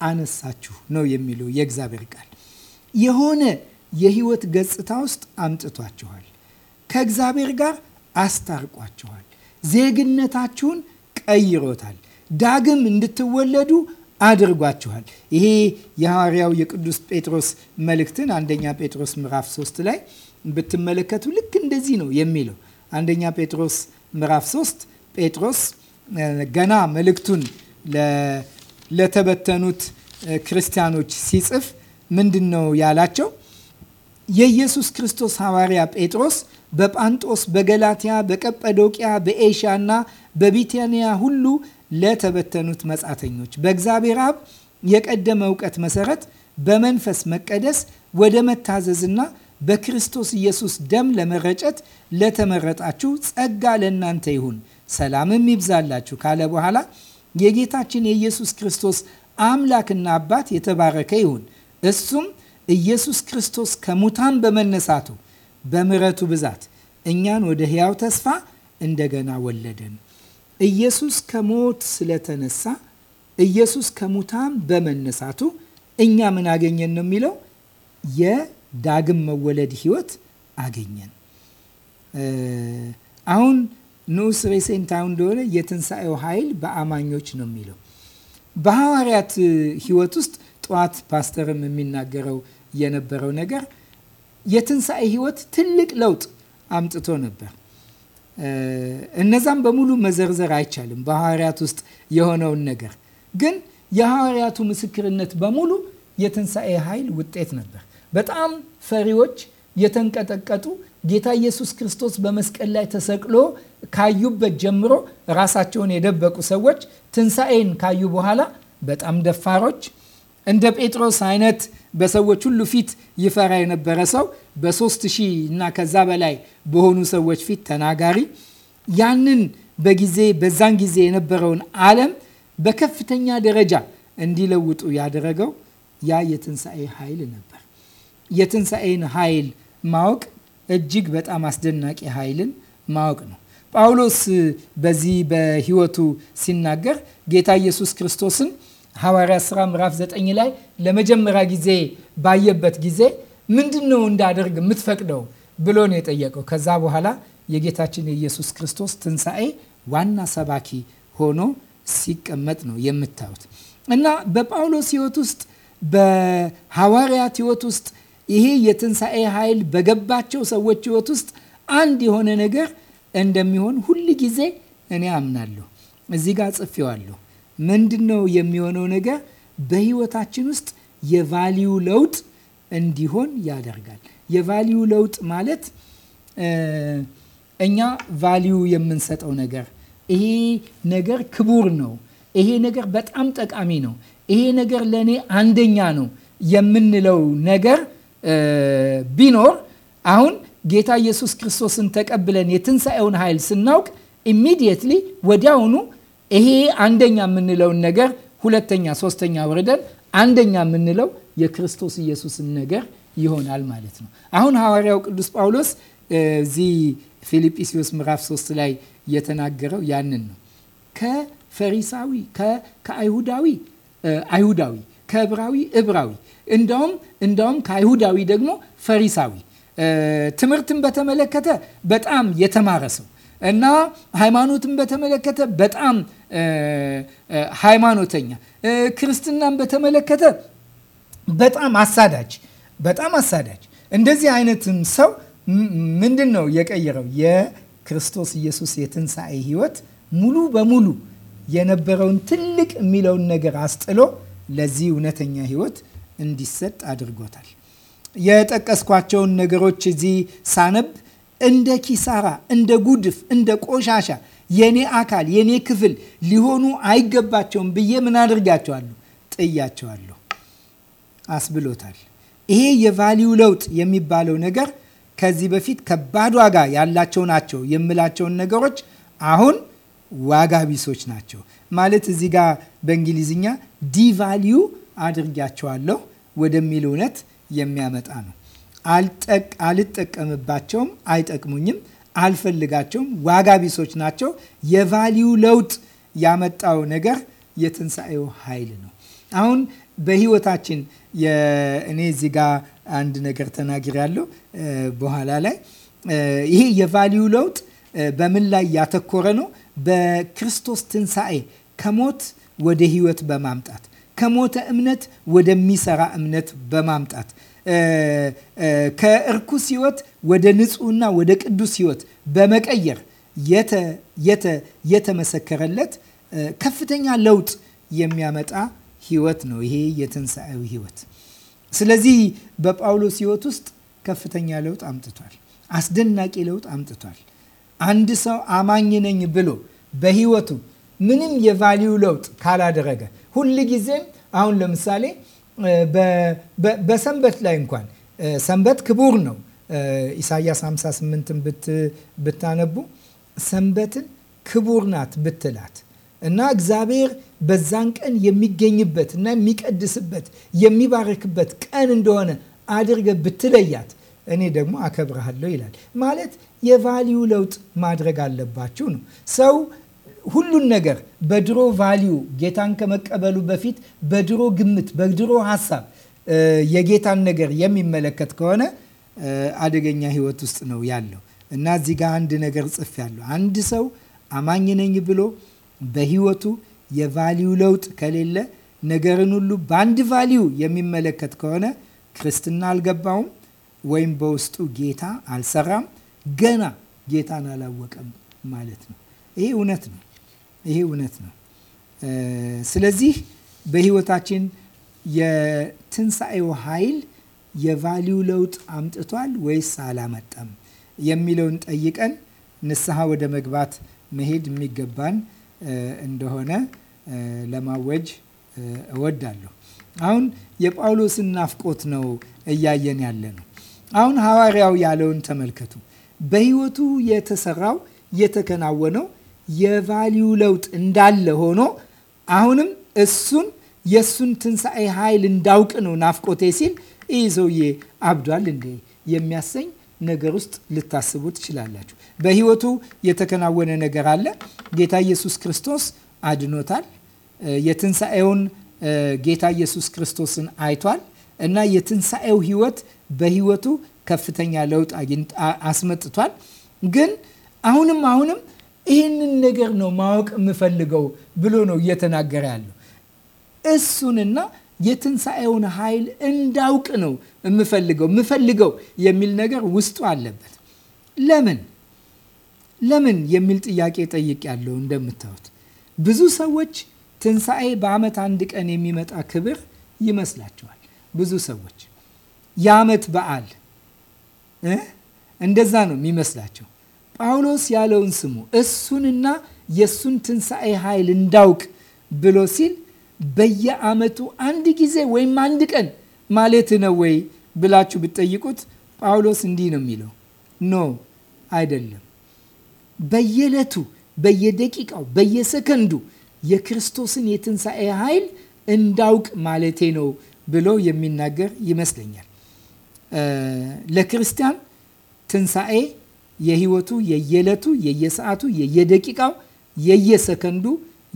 አነሳችሁ ነው የሚለው የእግዚአብሔር ቃል። የሆነ የህይወት ገጽታ ውስጥ አምጥቷችኋል። ከእግዚአብሔር ጋር አስታርቋችኋል። ዜግነታችሁን ቀይሮታል። ዳግም እንድትወለዱ አድርጓችኋል። ይሄ የሐዋርያው የቅዱስ ጴጥሮስ መልእክትን አንደኛ ጴጥሮስ ምዕራፍ 3 ላይ ብትመለከቱ ልክ እንደዚህ ነው የሚለው። አንደኛ ጴጥሮስ ምዕራፍ 3 ጴጥሮስ ገና መልእክቱን ለተበተኑት ክርስቲያኖች ሲጽፍ ምንድን ነው ያላቸው? የኢየሱስ ክርስቶስ ሐዋርያ ጴጥሮስ በጳንጦስ፣ በገላትያ፣ በቀጰዶቅያ፣ በኤሽያና በቢታንያ ሁሉ ለተበተኑት መጻተኞች በእግዚአብሔር አብ የቀደመ እውቀት መሰረት በመንፈስ መቀደስ ወደ መታዘዝና በክርስቶስ ኢየሱስ ደም ለመረጨት ለተመረጣችሁ ጸጋ ለእናንተ ይሁን፣ ሰላምም ይብዛላችሁ ካለ በኋላ የጌታችን የኢየሱስ ክርስቶስ አምላክና አባት የተባረከ ይሁን። እሱም ኢየሱስ ክርስቶስ ከሙታን በመነሳቱ በምረቱ ብዛት እኛን ወደ ሕያው ተስፋ እንደገና ወለደን። ኢየሱስ ከሞት ስለተነሳ ኢየሱስ ከሙታን በመነሳቱ እኛ ምን አገኘን ነው የሚለው የዳግም መወለድ ህይወት አገኘን። አሁን ንዑስ ሬሴንታ እንደሆነ የትንሣኤው ኃይል በአማኞች ነው የሚለው በሐዋርያት ህይወት ውስጥ ጠዋት ፓስተርም የሚናገረው የነበረው ነገር የትንሣኤ ህይወት ትልቅ ለውጥ አምጥቶ ነበር። እነዛም በሙሉ መዘርዘር አይቻልም በሐዋርያት ውስጥ የሆነውን ነገር ግን የሐዋርያቱ ምስክርነት በሙሉ የትንሣኤ ኃይል ውጤት ነበር። በጣም ፈሪዎች፣ የተንቀጠቀጡ ጌታ ኢየሱስ ክርስቶስ በመስቀል ላይ ተሰቅሎ ካዩበት ጀምሮ ራሳቸውን የደበቁ ሰዎች ትንሣኤን ካዩ በኋላ በጣም ደፋሮች እንደ ጴጥሮስ አይነት በሰዎች ሁሉ ፊት ይፈራ የነበረ ሰው በሶስት ሺህ እና ከዛ በላይ በሆኑ ሰዎች ፊት ተናጋሪ ያንን በጊዜ በዛን ጊዜ የነበረውን ዓለም በከፍተኛ ደረጃ እንዲለውጡ ያደረገው ያ የትንሣኤ ኃይል ነበር። የትንሣኤን ኃይል ማወቅ እጅግ በጣም አስደናቂ ኃይልን ማወቅ ነው። ጳውሎስ በዚህ በሕይወቱ ሲናገር ጌታ ኢየሱስ ክርስቶስን ሐዋርያ ሥራ ምዕራፍ 9 ላይ ለመጀመሪያ ጊዜ ባየበት ጊዜ ምንድን ነው እንዳደርግ የምትፈቅደው ብሎ ነው የጠየቀው። ከዛ በኋላ የጌታችን የኢየሱስ ክርስቶስ ትንሣኤ ዋና ሰባኪ ሆኖ ሲቀመጥ ነው የምታዩት እና በጳውሎስ ሕይወት ውስጥ በሐዋርያት ሕይወት ውስጥ ይሄ የትንሣኤ ኃይል በገባቸው ሰዎች ሕይወት ውስጥ አንድ የሆነ ነገር እንደሚሆን ሁል ጊዜ እኔ አምናለሁ። እዚህ ጋር ጽፌዋለሁ። ምንድን ነው የሚሆነው ነገር በህይወታችን ውስጥ የቫሊዩ ለውጥ እንዲሆን ያደርጋል። የቫሊዩ ለውጥ ማለት እኛ ቫሊዩ የምንሰጠው ነገር ይሄ ነገር ክቡር ነው፣ ይሄ ነገር በጣም ጠቃሚ ነው፣ ይሄ ነገር ለእኔ አንደኛ ነው የምንለው ነገር ቢኖር አሁን ጌታ ኢየሱስ ክርስቶስን ተቀብለን የትንሣኤውን ኃይል ስናውቅ ኢሚዲየትሊ ወዲያውኑ ይሄ አንደኛ የምንለውን ነገር ሁለተኛ፣ ሶስተኛ ወርደን አንደኛ የምንለው የክርስቶስ ኢየሱስን ነገር ይሆናል ማለት ነው። አሁን ሐዋርያው ቅዱስ ጳውሎስ እዚህ ፊልጵስዩስ ምዕራፍ 3 ላይ የተናገረው ያንን ነው። ከፈሪሳዊ ከአይሁዳዊ አይሁዳዊ ከእብራዊ እብራዊ እንዳውም እንዳውም ከአይሁዳዊ ደግሞ ፈሪሳዊ ትምህርትን በተመለከተ በጣም የተማረ ሰው እና ሃይማኖትን በተመለከተ በጣም ሃይማኖተኛ፣ ክርስትናን በተመለከተ በጣም አሳዳጅ በጣም አሳዳጅ። እንደዚህ አይነትም ሰው ምንድን ነው የቀየረው? የክርስቶስ ኢየሱስ የትንሣኤ ህይወት ሙሉ በሙሉ የነበረውን ትልቅ የሚለውን ነገር አስጥሎ ለዚህ እውነተኛ ህይወት እንዲሰጥ አድርጎታል። የጠቀስኳቸውን ነገሮች እዚህ ሳነብ እንደ ኪሳራ፣ እንደ ጉድፍ፣ እንደ ቆሻሻ የኔ አካል የኔ ክፍል ሊሆኑ አይገባቸውም ብዬ ምን አድርጋቸዋለሁ? ጥያቸዋለሁ አስብሎታል። ይሄ የቫሊዩ ለውጥ የሚባለው ነገር ከዚህ በፊት ከባድ ዋጋ ያላቸው ናቸው የምላቸውን ነገሮች አሁን ዋጋ ቢሶች ናቸው ማለት እዚህ ጋር በእንግሊዝኛ ዲቫሊዩ አድርጊያቸዋለሁ ወደሚል እውነት የሚያመጣ ነው። አልጠቀምባቸውም፣ አይጠቅሙኝም፣ አልፈልጋቸውም፣ ዋጋ ቢሶች ናቸው። የቫሊዩ ለውጥ ያመጣው ነገር የትንሣኤው ኃይል ነው። አሁን በህይወታችን እኔ እዚህ ጋ አንድ ነገር ተናግር ያለው በኋላ ላይ ይሄ የቫሊዩ ለውጥ በምን ላይ ያተኮረ ነው? በክርስቶስ ትንሣኤ ከሞት ወደ ህይወት በማምጣት ከሞተ እምነት ወደሚሰራ እምነት በማምጣት ከእርኩስ ህይወት ወደ ንጹህና ወደ ቅዱስ ህይወት በመቀየር የተመሰከረለት ከፍተኛ ለውጥ የሚያመጣ ህይወት ነው ይሄ የትንሣኤው ህይወት። ስለዚህ በጳውሎስ ህይወት ውስጥ ከፍተኛ ለውጥ አምጥቷል። አስደናቂ ለውጥ አምጥቷል። አንድ ሰው አማኝ ነኝ ብሎ በህይወቱ ምንም የቫሊዩ ለውጥ ካላደረገ ሁል ሁልጊዜም አሁን ለምሳሌ በሰንበት ላይ እንኳን ሰንበት ክቡር ነው። ኢሳያስ 58ን ብታነቡ ሰንበትን ክቡር ናት ብትላት እና እግዚአብሔር በዛን ቀን የሚገኝበት እና የሚቀድስበት የሚባርክበት ቀን እንደሆነ አድርገ ብትለያት እኔ ደግሞ አከብረሃለሁ ይላል። ማለት የቫሊዩ ለውጥ ማድረግ አለባችሁ ነው ሰው ሁሉን ነገር በድሮ ቫሊዩ ጌታን ከመቀበሉ በፊት በድሮ ግምት፣ በድሮ ሀሳብ የጌታን ነገር የሚመለከት ከሆነ አደገኛ ህይወት ውስጥ ነው ያለው እና እዚህ ጋር አንድ ነገር ጽፍ ያለው አንድ ሰው አማኝ ነኝ ብሎ በህይወቱ የቫሊዩ ለውጥ ከሌለ ነገርን ሁሉ በአንድ ቫሊዩ የሚመለከት ከሆነ ክርስትና አልገባውም ወይም በውስጡ ጌታ አልሰራም፣ ገና ጌታን አላወቀም ማለት ነው። ይሄ እውነት ነው። ይሄ እውነት ነው። ስለዚህ በህይወታችን የትንሣኤው ኃይል የቫሊው ለውጥ አምጥቷል ወይስ አላመጣም የሚለውን ጠይቀን ንስሐ ወደ መግባት መሄድ የሚገባን እንደሆነ ለማወጅ እወዳለሁ። አሁን የጳውሎስን ናፍቆት ነው እያየን ያለ ነው። አሁን ሐዋርያው ያለውን ተመልከቱ። በህይወቱ የተሰራው የተከናወነው የቫሊዩ ለውጥ እንዳለ ሆኖ አሁንም እሱን የእሱን ትንሣኤ ኃይል እንዳውቅ ነው ናፍቆቴ ሲል ይህ ሰውዬ አብዷል እንዴ የሚያሰኝ ነገር ውስጥ ልታስቡ ትችላላችሁ። በህይወቱ የተከናወነ ነገር አለ። ጌታ ኢየሱስ ክርስቶስ አድኖታል። የትንሣኤውን ጌታ ኢየሱስ ክርስቶስን አይቷል እና የትንሣኤው ህይወት በህይወቱ ከፍተኛ ለውጥ አስመጥቷል። ግን አሁንም አሁንም ይህንን ነገር ነው ማወቅ የምፈልገው ብሎ ነው እየተናገረ ያለው። እሱንና የትንሣኤውን ኃይል እንዳውቅ ነው የምፈልገው የምፈልገው የሚል ነገር ውስጡ አለበት። ለምን ለምን የሚል ጥያቄ ጠይቅ ያለው እንደምታዩት ብዙ ሰዎች ትንሣኤ በዓመት አንድ ቀን የሚመጣ ክብር ይመስላቸዋል። ብዙ ሰዎች የዓመት በዓል እንደዛ ነው የሚመስላቸው ጳውሎስ ያለውን ስሙ እሱንና የእሱን ትንሣኤ ኃይል እንዳውቅ ብሎ ሲል በየዓመቱ አንድ ጊዜ ወይም አንድ ቀን ማለት ነው ወይ ብላችሁ ብትጠይቁት ጳውሎስ እንዲህ ነው የሚለው፣ ኖ አይደለም። በየዕለቱ በየደቂቃው፣ በየሰከንዱ የክርስቶስን የትንሣኤ ኃይል እንዳውቅ ማለቴ ነው ብሎ የሚናገር ይመስለኛል። ለክርስቲያን ትንሣኤ የህይወቱ የየዕለቱ የየሰዓቱ የየደቂቃው የየሰከንዱ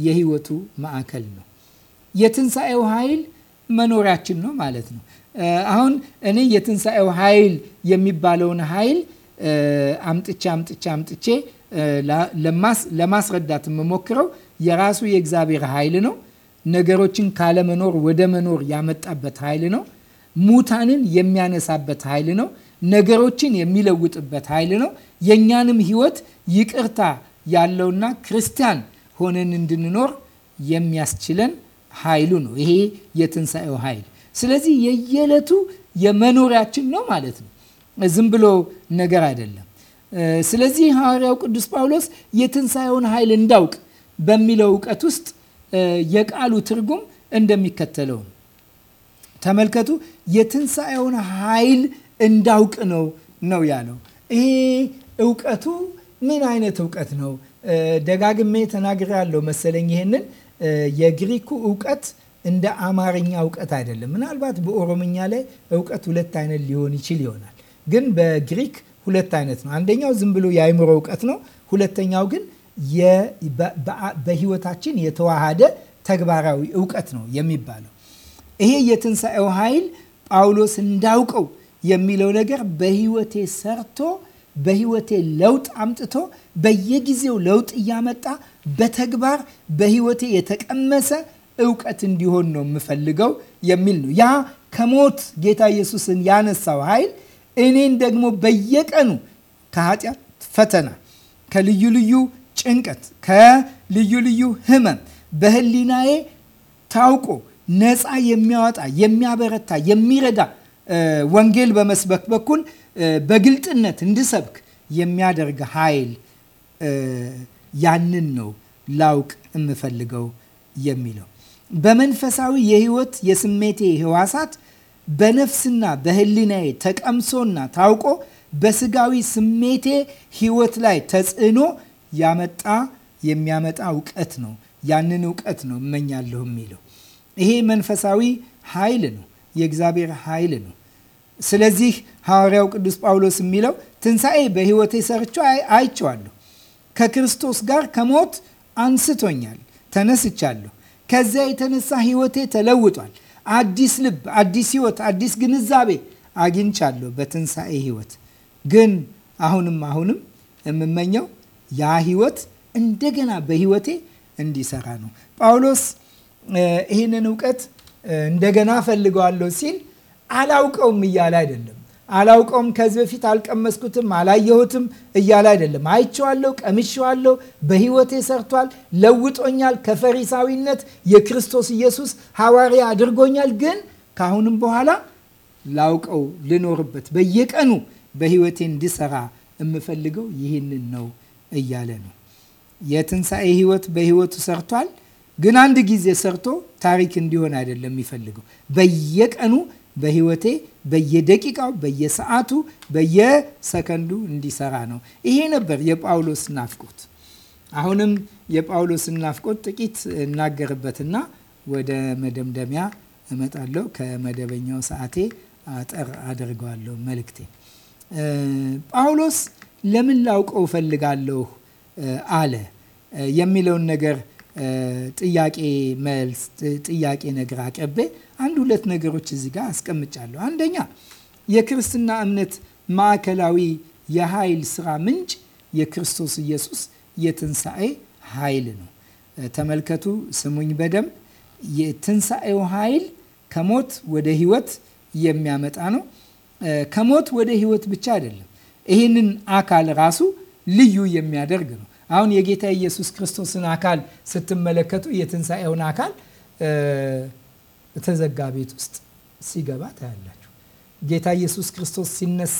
የህይወቱ ማዕከል ነው። የትንሣኤው ኃይል መኖሪያችን ነው ማለት ነው። አሁን እኔ የትንሣኤው ኃይል የሚባለውን ኃይል አምጥቼ አምጥቼ አምጥቼ ለማስረዳት የምሞክረው የራሱ የእግዚአብሔር ኃይል ነው። ነገሮችን ካለመኖር ወደ መኖር ያመጣበት ኃይል ነው። ሙታንን የሚያነሳበት ኃይል ነው። ነገሮችን የሚለውጥበት ኃይል ነው። የእኛንም ህይወት ይቅርታ ያለውና ክርስቲያን ሆነን እንድንኖር የሚያስችለን ኃይሉ ነው። ይሄ የትንሣኤው ኃይል። ስለዚህ የየዕለቱ የመኖሪያችን ነው ማለት ነው። ዝም ብሎ ነገር አይደለም። ስለዚህ ሐዋርያው ቅዱስ ጳውሎስ የትንሣኤውን ኃይል እንዳውቅ በሚለው እውቀት ውስጥ የቃሉ ትርጉም እንደሚከተለው ነው። ተመልከቱ። የትንሣኤውን ኃይል እንዳውቅ ነው ነው ያለው። ይሄ እውቀቱ ምን አይነት እውቀት ነው? ደጋግሜ ተናግሬያለሁ መሰለኝ። ይሄንን የግሪኩ እውቀት እንደ አማርኛ እውቀት አይደለም። ምናልባት በኦሮምኛ ላይ እውቀት ሁለት አይነት ሊሆን ይችል ይሆናል፣ ግን በግሪክ ሁለት አይነት ነው። አንደኛው ዝም ብሎ የአይምሮ እውቀት ነው። ሁለተኛው ግን በህይወታችን የተዋሃደ ተግባራዊ እውቀት ነው የሚባለው። ይሄ የትንሣኤው ኃይል ጳውሎስ እንዳውቀው የሚለው ነገር በህይወቴ ሰርቶ በህይወቴ ለውጥ አምጥቶ በየጊዜው ለውጥ እያመጣ በተግባር በህይወቴ የተቀመሰ እውቀት እንዲሆን ነው የምፈልገው የሚል ነው። ያ ከሞት ጌታ ኢየሱስን ያነሳው ኃይል እኔን ደግሞ በየቀኑ ከኃጢአት ፈተና፣ ከልዩ ልዩ ጭንቀት፣ ከልዩ ልዩ ህመም በህሊናዬ ታውቆ ነፃ የሚያወጣ የሚያበረታ፣ የሚረዳ ወንጌል በመስበክ በኩል በግልጥነት እንድሰብክ የሚያደርግ ኃይል ያንን ነው ላውቅ የምፈልገው የሚለው በመንፈሳዊ የህይወት የስሜቴ ህዋሳት በነፍስና በህሊናዬ ተቀምሶና ታውቆ በስጋዊ ስሜቴ ህይወት ላይ ተጽዕኖ ያመጣ የሚያመጣ እውቀት ነው። ያንን እውቀት ነው እመኛለሁ የሚለው ይሄ መንፈሳዊ ኃይል ነው፣ የእግዚአብሔር ኃይል ነው። ስለዚህ ሐዋርያው ቅዱስ ጳውሎስ የሚለው ትንሣኤ በሕይወቴ ሰርቼ አይቼዋለሁ። ከክርስቶስ ጋር ከሞት አንስቶኛል፣ ተነስቻለሁ። ከዚያ የተነሳ ሕይወቴ ተለውጧል። አዲስ ልብ፣ አዲስ ሕይወት፣ አዲስ ግንዛቤ አግኝቻለሁ በትንሣኤ ሕይወት። ግን አሁንም አሁንም የምመኘው ያ ሕይወት እንደገና በሕይወቴ እንዲሰራ ነው። ጳውሎስ ይህንን እውቀት እንደገና ፈልገዋለሁ ሲል አላውቀውም እያለ አይደለም። አላውቀውም ከዚህ በፊት አልቀመስኩትም፣ አላየሁትም እያለ አይደለም። አይቼዋለሁ፣ ቀምሼዋለሁ፣ በሕይወቴ ሰርቷል፣ ለውጦኛል፣ ከፈሪሳዊነት የክርስቶስ ኢየሱስ ሐዋርያ አድርጎኛል። ግን ከአሁንም በኋላ ላውቀው፣ ልኖርበት፣ በየቀኑ በሕይወቴ እንዲሰራ የምፈልገው ይህንን ነው እያለ ነው። የትንሣኤ ሕይወት በሕይወቱ ሰርቷል። ግን አንድ ጊዜ ሰርቶ ታሪክ እንዲሆን አይደለም የሚፈልገው በየቀኑ በህይወቴ በየደቂቃው፣ በየሰዓቱ፣ በየሰከንዱ እንዲሰራ ነው። ይሄ ነበር የጳውሎስ ናፍቆት። አሁንም የጳውሎስን ናፍቆት ጥቂት እናገርበትና ወደ መደምደሚያ እመጣለሁ። ከመደበኛው ሰዓቴ አጠር አድርገዋለሁ መልእክቴ። ጳውሎስ ለምን ላውቀው እፈልጋለሁ አለ የሚለውን ነገር ጥያቄ መልስ፣ ጥያቄ ነገር አቅርቤ አንድ ሁለት ነገሮች እዚህ ጋር አስቀምጫለሁ። አንደኛ የክርስትና እምነት ማዕከላዊ የኃይል ስራ ምንጭ የክርስቶስ ኢየሱስ የትንሣኤ ኃይል ነው። ተመልከቱ፣ ስሙኝ በደንብ የትንሣኤው ኃይል ከሞት ወደ ህይወት የሚያመጣ ነው። ከሞት ወደ ህይወት ብቻ አይደለም፣ ይህንን አካል ራሱ ልዩ የሚያደርግ ነው። አሁን የጌታ ኢየሱስ ክርስቶስን አካል ስትመለከቱ የትንሣኤውን አካል ተዘጋ ቤት ውስጥ ሲገባ ታያላችሁ። ጌታ ኢየሱስ ክርስቶስ ሲነሳ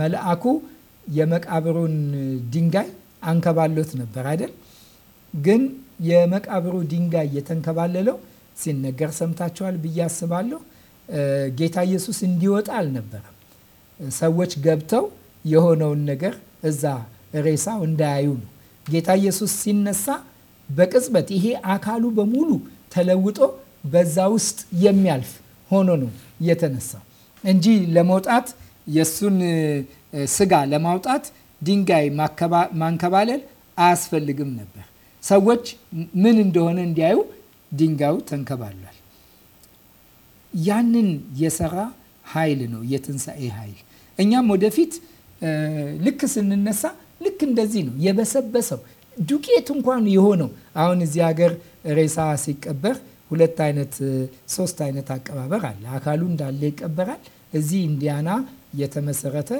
መልአኩ የመቃብሩን ድንጋይ አንከባሎት ነበር አይደል? ግን የመቃብሩ ድንጋይ የተንከባለለው ሲነገር ሰምታችኋል ብዬ አስባለሁ። ጌታ ኢየሱስ እንዲወጣ አልነበረም። ሰዎች ገብተው የሆነውን ነገር እዛ ሬሳ እንዳያዩ ነው። ጌታ ኢየሱስ ሲነሳ በቅጽበት ይሄ አካሉ በሙሉ ተለውጦ በዛ ውስጥ የሚያልፍ ሆኖ ነው የተነሳው እንጂ ለመውጣት የእሱን ስጋ ለማውጣት ድንጋይ ማንከባለል አያስፈልግም ነበር። ሰዎች ምን እንደሆነ እንዲያዩ ድንጋዩ ተንከባሏል። ያንን የሰራ ኃይል ነው የትንሣኤ ኃይል። እኛም ወደፊት ልክ ስንነሳ ልክ እንደዚህ ነው የበሰበሰው ዱቄት እንኳን የሆነው አሁን እዚህ ሀገር ሬሳ ሲቀበር ሁለት አይነት ሶስት አይነት አቀባበር አለ። አካሉ እንዳለ ይቀበራል። እዚህ ኢንዲያና የተመሰረተ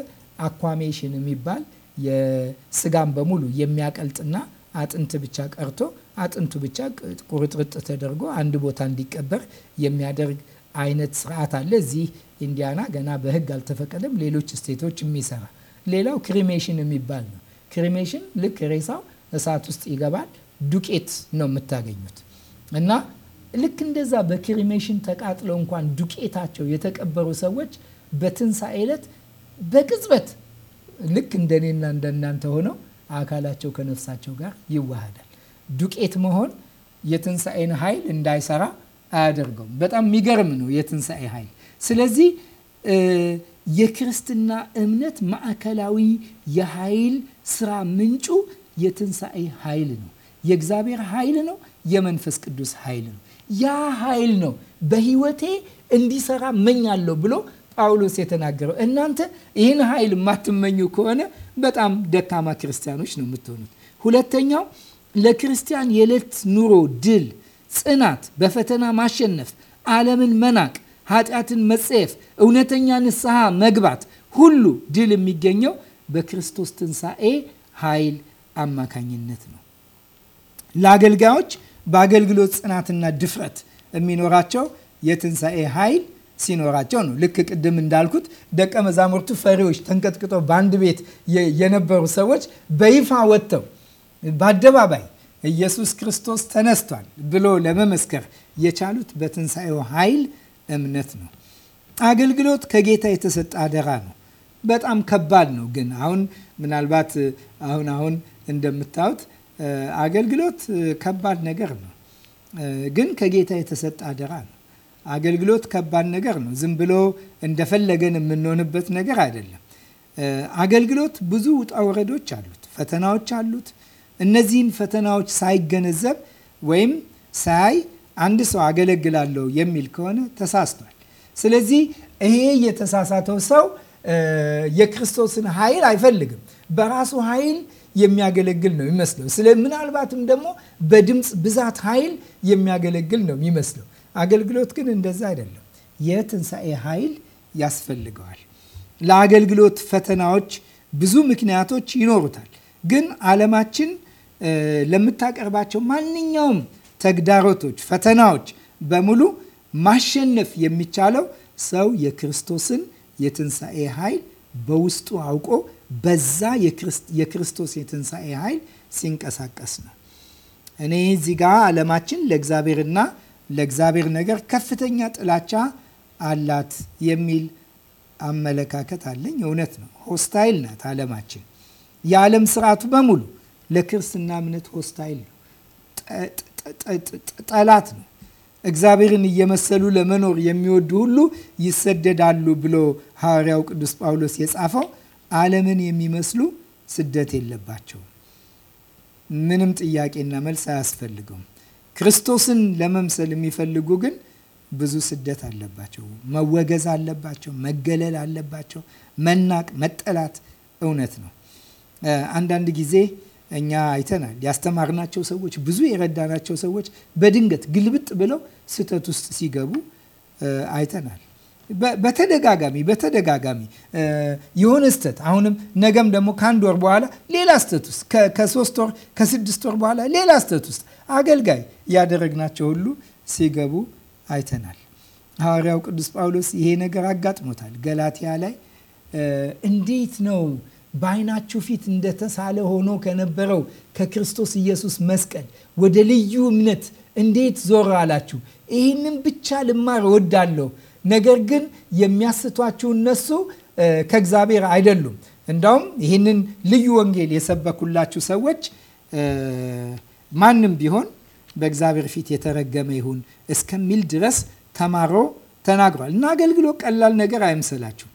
አኳሜሽን የሚባል የስጋን በሙሉ የሚያቀልጥና አጥንት ብቻ ቀርቶ አጥንቱ ብቻ ቁርጥርጥ ተደርጎ አንድ ቦታ እንዲቀበር የሚያደርግ አይነት ስርዓት አለ። እዚህ ኢንዲያና ገና በህግ አልተፈቀደም። ሌሎች ስቴቶች የሚሰራ ሌላው ክሪሜሽን የሚባል ነው። ክሪሜሽን ልክ ሬሳው እሳት ውስጥ ይገባል። ዱቄት ነው የምታገኙት እና ልክ እንደዛ በክሪሜሽን ተቃጥለው እንኳን ዱቄታቸው የተቀበሩ ሰዎች በትንሣኤ ዕለት በቅጽበት ልክ እንደኔና እንደናንተ ሆነው አካላቸው ከነፍሳቸው ጋር ይዋሃዳል። ዱቄት መሆን የትንሣኤን ኃይል እንዳይሰራ አያደርገውም። በጣም የሚገርም ነው የትንሣኤ ኃይል። ስለዚህ የክርስትና እምነት ማዕከላዊ የኃይል ስራ ምንጩ የትንሣኤ ኃይል ነው። የእግዚአብሔር ኃይል ነው። የመንፈስ ቅዱስ ኃይል ነው። ያ ኃይል ነው በህይወቴ እንዲሰራ መኛለሁ ብሎ ጳውሎስ የተናገረው። እናንተ ይህን ኃይል የማትመኙ ከሆነ በጣም ደካማ ክርስቲያኖች ነው የምትሆኑት። ሁለተኛው ለክርስቲያን የዕለት ኑሮ ድል፣ ጽናት፣ በፈተና ማሸነፍ፣ ዓለምን መናቅ፣ ኃጢአትን መጸየፍ፣ እውነተኛ ንስሐ መግባት ሁሉ ድል የሚገኘው በክርስቶስ ትንሣኤ ኃይል አማካኝነት ነው። ለአገልጋዮች በአገልግሎት ጽናትና ድፍረት የሚኖራቸው የትንሣኤ ኃይል ሲኖራቸው ነው። ልክ ቅድም እንዳልኩት ደቀ መዛሙርቱ ፈሪዎች ተንቀጥቅጠው በአንድ ቤት የነበሩ ሰዎች በይፋ ወጥተው በአደባባይ ኢየሱስ ክርስቶስ ተነስቷል ብሎ ለመመስከር የቻሉት በትንሣኤው ኃይል እምነት ነው። አገልግሎት ከጌታ የተሰጠ አደራ ነው። በጣም ከባድ ነው። ግን አሁን ምናልባት አሁን አሁን እንደምታዩት አገልግሎት ከባድ ነገር ነው። ግን ከጌታ የተሰጠ አደራ ነው። አገልግሎት ከባድ ነገር ነው። ዝም ብሎ እንደፈለገን የምንሆንበት ነገር አይደለም። አገልግሎት ብዙ ውጣ ውረዶች አሉት፣ ፈተናዎች አሉት። እነዚህን ፈተናዎች ሳይገነዘብ ወይም ሳያይ አንድ ሰው አገለግላለሁ የሚል ከሆነ ተሳስቷል። ስለዚህ ይሄ የተሳሳተው ሰው የክርስቶስን ኃይል አይፈልግም። በራሱ ኃይል የሚያገለግል ነው የሚመስለው። ስለ ምናልባትም ደግሞ በድምፅ ብዛት ኃይል የሚያገለግል ነው የሚመስለው። አገልግሎት ግን እንደዛ አይደለም። የትንሣኤ ኃይል ያስፈልገዋል። ለአገልግሎት ፈተናዎች ብዙ ምክንያቶች ይኖሩታል። ግን ዓለማችን ለምታቀርባቸው ማንኛውም ተግዳሮቶች፣ ፈተናዎች በሙሉ ማሸነፍ የሚቻለው ሰው የክርስቶስን የትንሣኤ ኃይል በውስጡ አውቆ በዛ የክርስቶስ የትንሣኤ ኃይል ሲንቀሳቀስ ነው። እኔ እዚህ ጋ ዓለማችን ለእግዚአብሔርና ለእግዚአብሔር ነገር ከፍተኛ ጥላቻ አላት የሚል አመለካከት አለኝ። እውነት ነው። ሆስታይል ናት ዓለማችን። የዓለም ስርዓቱ በሙሉ ለክርስትና እምነት ሆስታይል ነው፣ ጠላት ነው። እግዚአብሔርን እየመሰሉ ለመኖር የሚወዱ ሁሉ ይሰደዳሉ ብሎ ሐዋርያው ቅዱስ ጳውሎስ የጻፈው ዓለምን የሚመስሉ ስደት የለባቸውም። ምንም ጥያቄና መልስ አያስፈልገውም። ክርስቶስን ለመምሰል የሚፈልጉ ግን ብዙ ስደት አለባቸው። መወገዝ አለባቸው። መገለል አለባቸው። መናቅ፣ መጠላት እውነት ነው። አንዳንድ ጊዜ እኛ አይተናል። ያስተማርናቸው ሰዎች፣ ብዙ የረዳናቸው ሰዎች በድንገት ግልብጥ ብለው ስህተት ውስጥ ሲገቡ አይተናል። በተደጋጋሚ በተደጋጋሚ የሆነ ስተት አሁንም ነገም ደግሞ ከአንድ ወር በኋላ ሌላ ስህተት ውስጥ ከሶስት ወር ከስድስት ወር በኋላ ሌላ ስተት ውስጥ አገልጋይ ያደረግናቸው ሁሉ ሲገቡ አይተናል። ሐዋርያው ቅዱስ ጳውሎስ ይሄ ነገር አጋጥሞታል። ገላትያ ላይ እንዴት ነው በዓይናችሁ ፊት እንደተሳለ ሆኖ ከነበረው ከክርስቶስ ኢየሱስ መስቀል ወደ ልዩ እምነት እንዴት ዞር አላችሁ? ይህንም ብቻ ልማር እወዳለሁ። ነገር ግን የሚያስቷችሁ እነሱ ከእግዚአብሔር አይደሉም። እንዳውም ይህንን ልዩ ወንጌል የሰበኩላችሁ ሰዎች ማንም ቢሆን በእግዚአብሔር ፊት የተረገመ ይሁን እስከሚል ድረስ ተማሮ ተናግሯል እና አገልግሎ ቀላል ነገር አይምሰላችሁ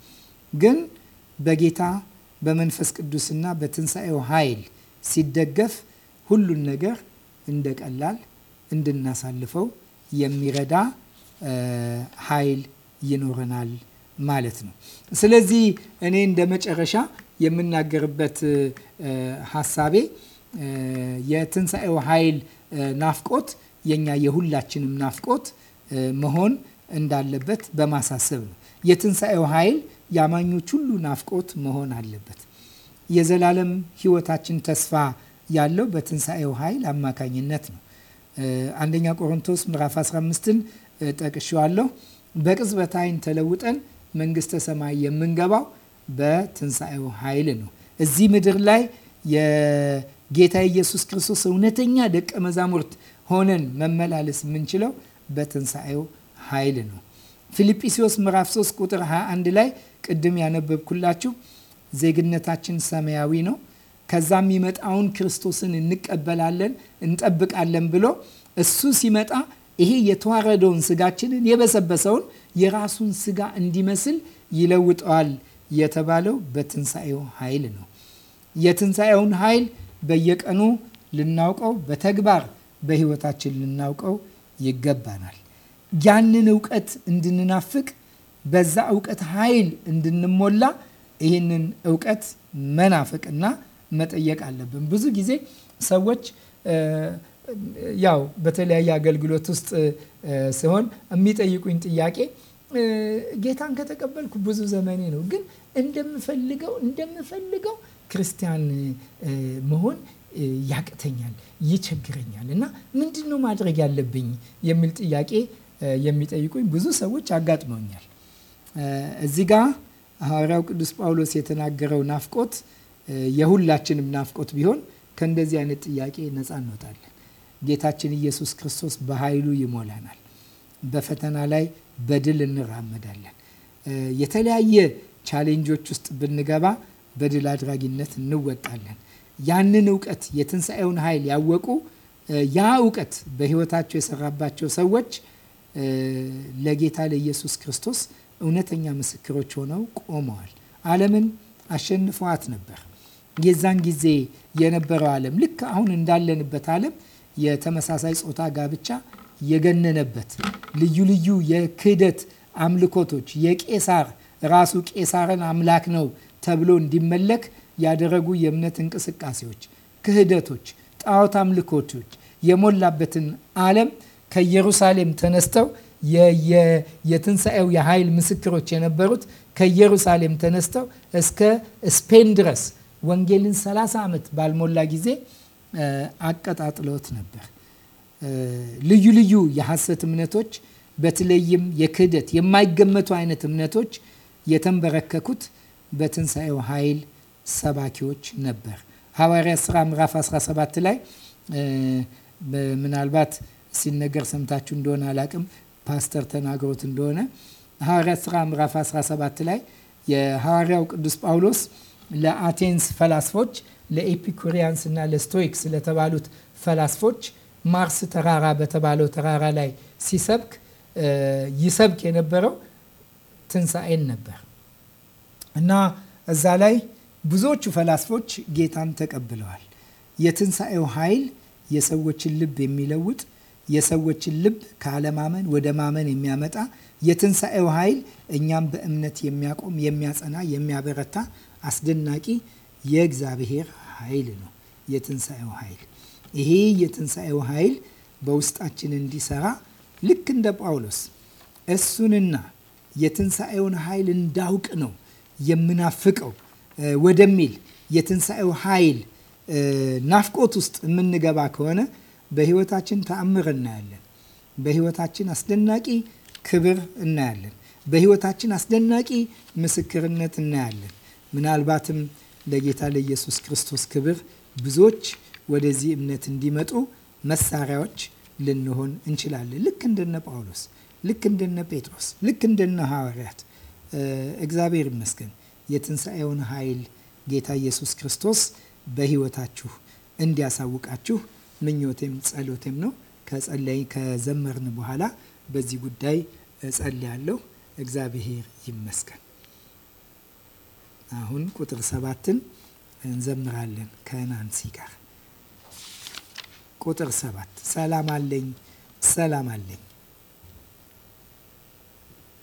ግን በጌታ በመንፈስ ቅዱስና በትንሣኤው ኃይል ሲደገፍ ሁሉን ነገር እንደ ቀላል እንድናሳልፈው የሚረዳ ኃይል ይኖረናል ማለት ነው። ስለዚህ እኔ እንደ መጨረሻ የምናገርበት ሀሳቤ የትንሣኤው ኃይል ናፍቆት የኛ የሁላችንም ናፍቆት መሆን እንዳለበት በማሳሰብ ነው። የትንሣኤው ኃይል የአማኞች ሁሉ ናፍቆት መሆን አለበት። የዘላለም ህይወታችን ተስፋ ያለው በትንሣኤው ኃይል አማካኝነት ነው። አንደኛ ቆሮንቶስ ምዕራፍ 15ን ጠቅሼዋለሁ። በቅጽበት አይን ተለውጠን መንግስተ ሰማይ የምንገባው በትንሣኤው ኃይል ነው። እዚህ ምድር ላይ የጌታ ኢየሱስ ክርስቶስ እውነተኛ ደቀ መዛሙርት ሆነን መመላለስ የምንችለው በትንሣኤው ኃይል ነው። ፊልጵስዎስ ምዕራፍ 3 ቁጥር 21 ላይ ቅድም ያነበብኩላችሁ ዜግነታችን ሰማያዊ ነው፣ ከዛ የሚመጣውን ክርስቶስን እንቀበላለን እንጠብቃለን ብሎ እሱ ሲመጣ ይሄ የተዋረደውን ስጋችንን የበሰበሰውን የራሱን ስጋ እንዲመስል ይለውጠዋል የተባለው በትንሣኤው ኃይል ነው። የትንሣኤውን ኃይል በየቀኑ ልናውቀው፣ በተግባር በህይወታችን ልናውቀው ይገባናል። ያንን እውቀት እንድንናፍቅ በዛ እውቀት ኃይል እንድንሞላ ይህንን እውቀት መናፍቅና መጠየቅ አለብን። ብዙ ጊዜ ሰዎች ያው በተለያየ አገልግሎት ውስጥ ሲሆን የሚጠይቁኝ ጥያቄ ጌታን ከተቀበልኩ ብዙ ዘመኔ ነው፣ ግን እንደምፈልገው እንደምፈልገው ክርስቲያን መሆን ያቅተኛል፣ ይቸግረኛል እና ምንድን ነው ማድረግ ያለብኝ የሚል ጥያቄ የሚጠይቁኝ ብዙ ሰዎች አጋጥመውኛል። እዚህ ጋ ሐዋርያው ቅዱስ ጳውሎስ የተናገረው ናፍቆት የሁላችንም ናፍቆት ቢሆን ከእንደዚህ አይነት ጥያቄ ነፃ እንወጣለን። ጌታችን ኢየሱስ ክርስቶስ በኃይሉ ይሞላናል። በፈተና ላይ በድል እንራመዳለን። የተለያየ ቻሌንጆች ውስጥ ብንገባ በድል አድራጊነት እንወጣለን። ያንን እውቀት የትንሣኤውን ኃይል ያወቁ ያ እውቀት በሕይወታቸው የሰራባቸው ሰዎች ለጌታ ለኢየሱስ ክርስቶስ እውነተኛ ምስክሮች ሆነው ቆመዋል። ዓለምን አሸንፈዋት ነበር። የዛን ጊዜ የነበረው ዓለም ልክ አሁን እንዳለንበት ዓለም የተመሳሳይ ጾታ ጋብቻ የገነነበት ልዩ ልዩ የክህደት አምልኮቶች የቄሳር ራሱ ቄሳርን አምላክ ነው ተብሎ እንዲመለክ ያደረጉ የእምነት እንቅስቃሴዎች፣ ክህደቶች፣ ጣዖት አምልኮቶች የሞላበትን ዓለም ከኢየሩሳሌም ተነስተው የትንሣኤው የኃይል ምስክሮች የነበሩት ከኢየሩሳሌም ተነስተው እስከ ስፔን ድረስ ወንጌልን 30 ዓመት ባልሞላ ጊዜ አቀጣጥለውት ነበር። ልዩ ልዩ የሐሰት እምነቶች በተለይም የክህደት የማይገመቱ አይነት እምነቶች የተንበረከኩት በትንሣኤው ኃይል ሰባኪዎች ነበር። ሐዋርያ ሥራ ምዕራፍ 17 ላይ ምናልባት ሲነገር ሰምታችሁ እንደሆነ አላቅም፣ ፓስተር ተናግሮት እንደሆነ ሐዋርያት ሥራ ምዕራፍ 17 ላይ የሐዋርያው ቅዱስ ጳውሎስ ለአቴንስ ፈላስፎች ለኤፒኩሪያንስ እና ለስቶይክስ ለተባሉት ፈላስፎች ማርስ ተራራ በተባለው ተራራ ላይ ሲሰብክ ይሰብክ የነበረው ትንሣኤን ነበር እና እዛ ላይ ብዙዎቹ ፈላስፎች ጌታን ተቀብለዋል። የትንሣኤው ኃይል የሰዎችን ልብ የሚለውጥ የሰዎችን ልብ ካለማመን ወደ ማመን የሚያመጣ የትንሣኤው ኃይል እኛም በእምነት የሚያቆም የሚያጸና፣ የሚያበረታ አስደናቂ የእግዚአብሔር ኃይል ነው። የትንሣኤው ኃይል ይሄ የትንሣኤው ኃይል በውስጣችን እንዲሰራ ልክ እንደ ጳውሎስ እሱንና የትንሣኤውን ኃይል እንዳውቅ ነው የምናፍቀው ወደሚል የትንሣኤው ኃይል ናፍቆት ውስጥ የምንገባ ከሆነ በህይወታችን ተአምር እናያለን። በህይወታችን አስደናቂ ክብር እናያለን። በህይወታችን አስደናቂ ምስክርነት እናያለን። ምናልባትም ለጌታ ለኢየሱስ ክርስቶስ ክብር ብዙዎች ወደዚህ እምነት እንዲመጡ መሳሪያዎች ልንሆን እንችላለን። ልክ እንደነ ጳውሎስ፣ ልክ እንደነ ጴጥሮስ፣ ልክ እንደነ ሐዋርያት እግዚአብሔር ይመስገን የትንሣኤውን ኃይል ጌታ ኢየሱስ ክርስቶስ በህይወታችሁ እንዲያሳውቃችሁ ምኞቴም ጸሎቴም ነው። ከጸለይ ከዘመርን በኋላ በዚህ ጉዳይ እጸልያለሁ። እግዚአብሔር ይመስገን። አሁን ቁጥር ሰባትን እንዘምራለን ከናንሲ ጋር ቁጥር ሰባት ሰላም አለኝ ሰላም አለኝ